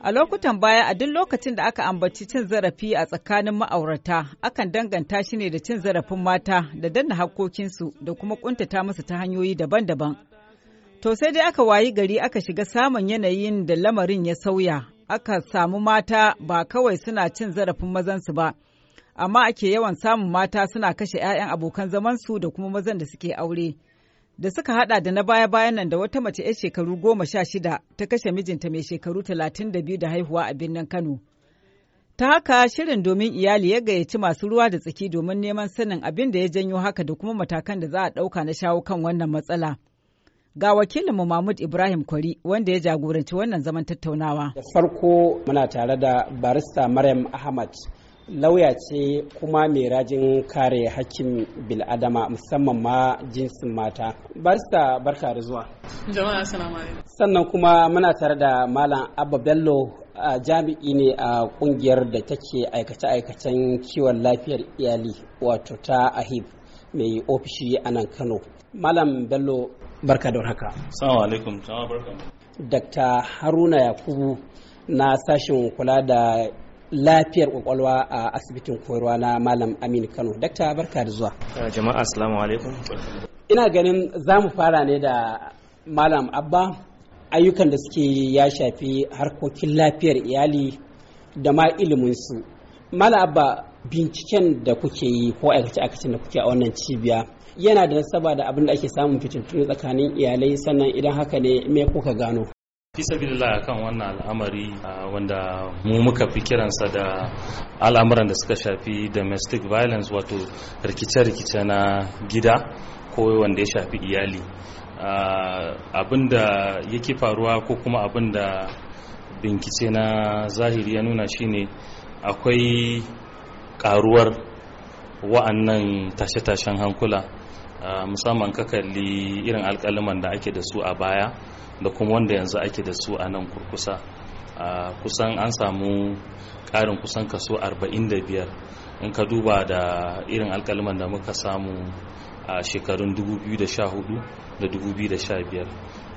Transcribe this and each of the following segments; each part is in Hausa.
A lokutan baya a duk lokacin da aka ambaci cin zarafi a tsakanin ma'aurata, akan danganta shi ne da cin zarafin mata da danna hakkokinsu da kuma kuntata musu ta hanyoyi daban-daban. To sai dai aka wayi gari aka shiga samun yanayin da lamarin ya sauya, aka samu mata ba kawai suna cin zarafin mazansu ba, amma ake yawan samun mata suna kashe 'ya'yan abokan zamansu da kuma mazan da suke aure. da suka hada da na baya-bayan nan da wata mace 'yar shekaru goma sha shida ta kashe mijinta mai shekaru talatin da biyu da haihuwa a birnin Kano. Ta haka shirin domin iyali ya gayyaci masu ruwa da tsaki domin neman sanin abin da ya janyo haka da kuma matakan da za a ɗauka na shawo kan wannan matsala. Ga wakilinmu Mahmud Ibrahim Kwari wanda ya jagoranci wannan zaman tattaunawa. Da farko muna tare da barista Maryam Ahmad lauya ce kuma mai rajin kare hakkin bil'adama musamman ma jinsin mata barista barka da zuwa jama'a assalamu sannan kuma muna tare da malam abba bello a jami'i ne a kungiyar da take aikace-aikacen kiwon lafiyar iyali wato ta ahib mai ofishi a nan kano malam bello barka da haka salamu alaikum barka dr haruna yakubu na sashen kula da lafiyar kwakwalwa a asibitin koyarwa na malam aminu kano dakta barka da zuwa ah, jama'a assalamu alaikum ina ganin za mu fara ne da malam abba ayyukan da suke ya shafi harkokin lafiyar iyali da ma iliminsu malam abba binciken da kuke yi ko aikace aikacen da kuke a wannan cibiya yana da nasaba da abin da ake samun fitintunu tsakanin iyalai sannan idan haka ne me kuka gano fisabilillah akan wannan al'amari wanda mu muka fi kiransa da al'amuran da suka shafi domestic violence wato rikice-rikice na gida ko wanda ya shafi iyali abin yake faruwa ko kuma abin da bincike na zahiri ya nuna shine akwai karuwar wa'annan tashe-tashen hankula musamman ka irin alkaliman da ake da su a baya da kuma wanda yanzu ake da su a nan kurkusa kusan an samu karin kusan kaso 45 in ka duba da irin alkaliman da muka samu a shekarun 2014 da 2015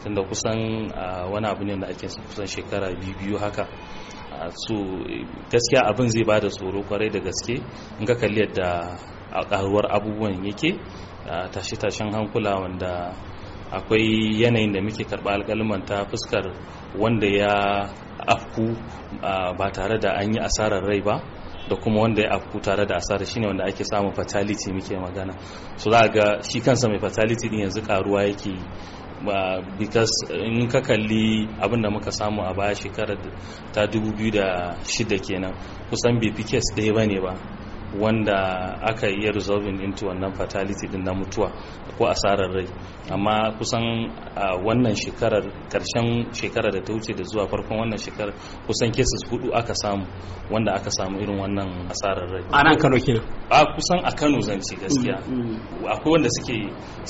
tunda kusan wani abu ne da ake kusan shekara biyu haka so gaskiya abin zai ba da tsoro kwarai da gaske in ka kalli yadda karuwar abubuwan yake tashe-tashen hankula wanda akwai yanayin da muke karɓa alƙalman ta fuskar wanda ya afku ba tare da an yi asarar rai ba da kuma wanda ya afku tare da asarar shine wanda ake samun fatality muke magana so za ga shi kansa mai fatality din yanzu karuwa yake ba because in ka kalli abin da muka samu a baya shekarar ta 2006 kenan kusan bp case ɗaya ne. ba wanda aka yi resolving into wannan fatality din na mutuwa ko asarar rai amma kusan a wannan shekarar karshen shekarar da ta wuce da zuwa farkon wannan shekarar kusan cases hudu aka samu wanda aka samu irin wannan asarar rai a nan kano kenan a kusan a kano zance gaskiya mm, mm. akwai wanda suke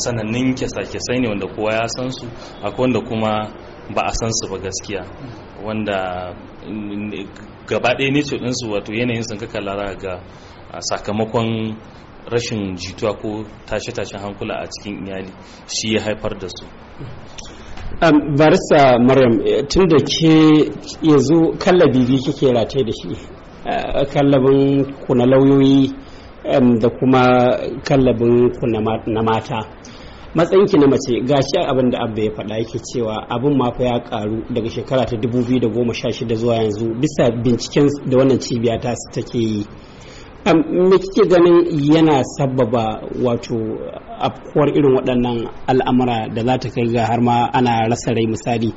sanannun kesa kesai ne wanda kowa ya san su akwai wanda kuma ba a san su ba gaskiya wanda gaba ɗaya ne su wato yanayin sun kaka lara ga A sakamakon rashin jituwa ko tashe-tashen hankula a cikin iyali shi ya haifar da su um, barista maryam eh, tun da ke yanzu kallabi biyu kike rataye da shi uh, kallabin ku na lauyoyi da kuma kallabin ku na mata matsayinki na mace gashi abin da abba ya faɗa yake cewa abin mafa ya karu daga shekara ta 2016 zuwa yanzu bisa binciken da wannan cibiya ta take yi me kike ganin yana sababa wato afkuwar irin waɗannan al'amura da za ta kai ga har ma ana rasa rai misali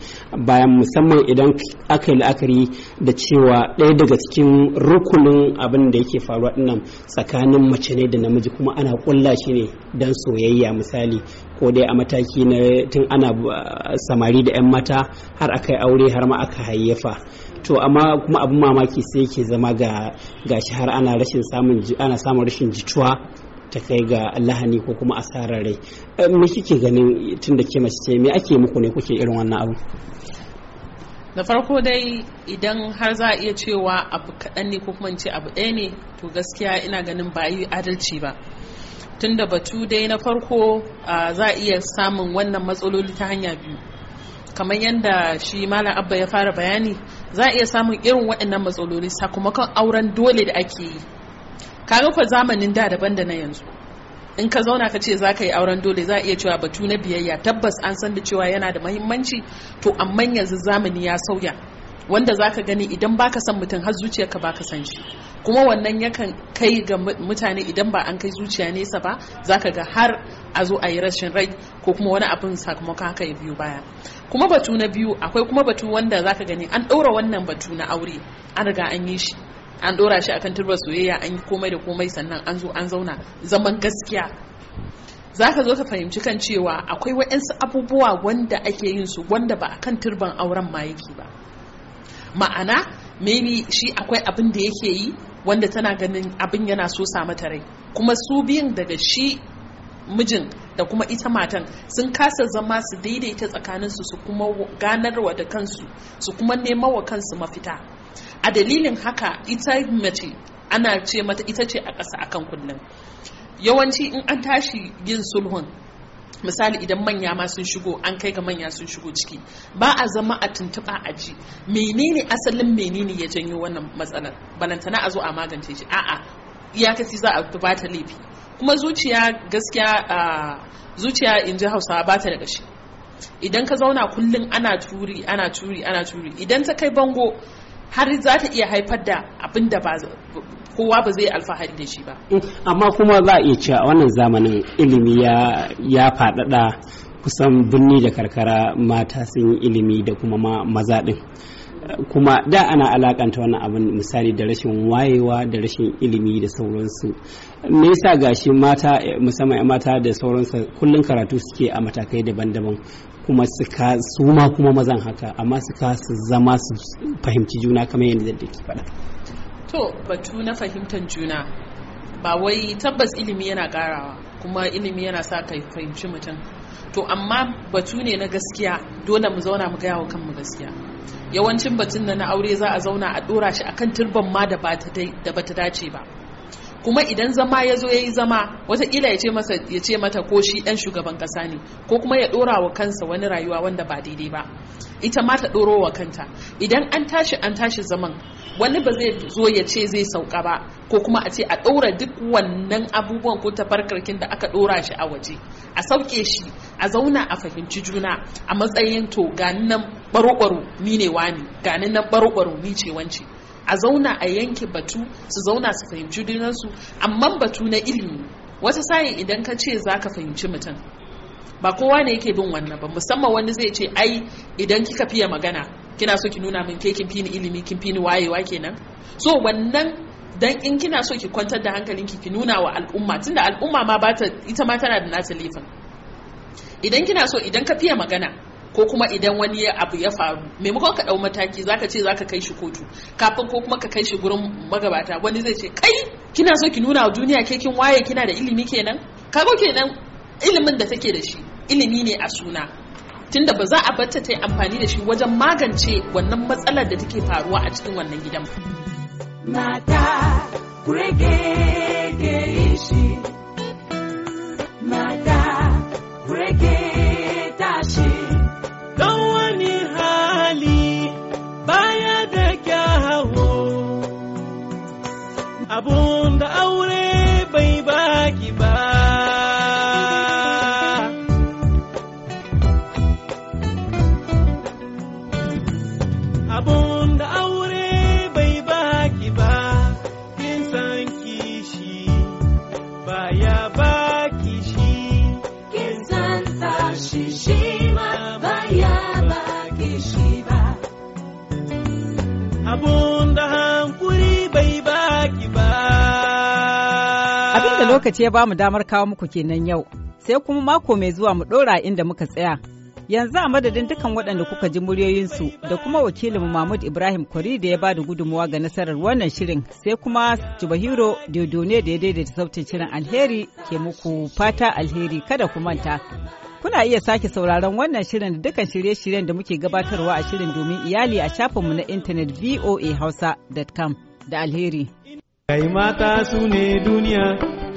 bayan musamman idan aka yi la'akari da cewa ɗaya daga cikin rukunin abin da yake faruwa dinnan tsakanin mace ne da namiji kuma ana ƙulla shi ne don soyayya misali ko dai a mataki na tun ana uh, samari da 'yan mata har aka yi aure har ma aka hayyafa to amma kuma abin mamaki sai ke zama ga gashi har ana rashin samun ana samun rashin jituwa ta kai ga lahani ko kuma asarar rai eh, me kike ganin tun da ke mace ce me ake muku ne kuke irin wannan abu na farko dai idan har za a iya cewa abu kaɗan ne ko kuma in ce abu ɗaya ne to gaskiya ina ganin ba yi adalci ba tun da batu dai na farko za a iya samun wannan matsaloli ta hanya biyu kamar yadda shi malam abba ya fara bayani za a iya samun irin waɗannan matsaloli sakamakon auren dole da ake yi kaga kwa zamanin da daban da na yanzu in ka zauna ka ce za ka yi auren dole za a iya cewa batu na biyayya tabbas an san da cewa yana da mahimmanci to amma yanzu zamani ya sauya wanda za ka gani idan baka san mutum har zuciyarka baka san shi kuma wannan yakan kai ga mutane idan ba an kai zuciya nesa ba zaka ga har a zo a yi rashin rai ko kuma wani abin sakamakon haka ya biyu baya kuma batu na biyu akwai kuma batu wanda za ka gani an ɗora wannan batu na aure an riga an yi shi an ɗora shi akan turbar soyayya an yi komai da komai sannan an zo an zauna zaman gaskiya za ka zo ka fahimci kan cewa akwai waɗansu abubuwa wanda ake yin su wanda ba a kan turban auren ma yake ba ma'ana maybe shi akwai abin da yake yi wanda tana ganin abin yana so mata rai kuma su biyun daga shi mijin da kuma ita matan sun kasa zama su daidaita tsakaninsu su kuma ganarwa da kansu su kuma wa kansu mafita a dalilin haka ita mace ana ce mata ita ce a ƙasa akan kullum yawanci in an tashi yin sulhun misali idan manya ma sun shigo an kai ga manya sun shigo ciki ba a zama a tuntuɓa a ji menene asalin menene ya janyo wannan matsalar balantana a zo a magance shi a'a iyakaci za a bata laifi kuma zuciya gaskiya zuciya in ji hausawa ba ta da gashi idan ka zauna kullum ana turi ana turi ana turi idan ta kai bango har za ta iya haifar da abin da ba kowa ba zai alfahari da shi ba mm, amma kuma za a iya cewa wannan zamanin ilimi ya faɗaɗa kusan birni da karkara mata sun yi ilimi da kuma maza ɗin kuma da ana alakanta wannan abin misali da rashin wayewa da rashin ilimi da sauransu me yasa gashi mata musamman mata da sauransu kullun karatu suke a matakai daban-daban kuma su ka su ma kuma mazan haka amma su ka su zama su fahimci juna kamar yadda da ke faɗa to batu na fahimtar juna ba wai tabbas ilimi yana karawa kuma ilimi yana sa ka fahimci mutum to amma batu ne na gaskiya dole mu zauna mu gaya wa kanmu gaskiya yawancin batun na aure za a zauna a ɗora shi akan turban ma da bata dace ba kuma idan zama ya zo ya yi zama watakila ya ce mata ko shi ɗan shugaban ƙasa ne ko kuma ya ɗora wa kansa wani rayuwa wanda ba daidai ba ita ma ta doro wa kanta idan an tashi an tashi zaman wani ba zai zo ya ce zai sauka ba ko kuma a ce a ɗora duk wannan abubuwan ko tafarkarkin da aka ɗora shi a waje a sauke shi a zauna a fahimci juna a matsayin to ganin nan ɓaro-ɓaro ni ne wani ganin nan ɓaro-ɓaro ni ce wance a zauna a yanke batu su zauna su fahimci junansu amma batu na ilimi wata sa'in idan ka ce za ka fahimci mutum ba kowa ne yake bin wannan ba musamman wani zai ce ai idan kika fiye magana kina so ki nuna min ke kin fi ilimi kin fi wayewa kenan so wannan dan in kina so ki kwantar da hankalinki ki nuna wa al'umma tunda al'umma ma ta ita ma tana da nata lifin idan kina so idan ka fiye magana ko kuma idan wani abu ya faru maimakon ka ɗau mataki zaka ce zaka kai shi kotu kafin ko kuma ka kai shi gurin magabata wani zai ce kai kina so ki nuna wa duniya ke kin waye kina da ilimi kenan kago kenan ilimin da take da shi ilimi ne a suna tunda ba za a barta ta yi amfani da shi wajen magance wannan matsalar da take faruwa a cikin wannan gidan mata kurege ke shi lokaci ya ba mu damar kawo muku kenan yau, sai kuma mako mai zuwa mu ɗora inda muka tsaya. Yanzu a madadin dukan waɗanda kuka ji muryoyinsu da kuma wakilinmu Mahmud Ibrahim Kwari da ya ba da gudunmuwa ga nasarar wannan shirin sai kuma Jubahiro Diodone da ya daidaita sautin shirin alheri ke muku fata alheri kada ku manta. Kuna iya sake sauraron wannan shirin da dukan shirye-shiryen da muke gabatarwa a shirin domin iyali a shafinmu na intanet voahausa.com da alheri. Kai mata duniya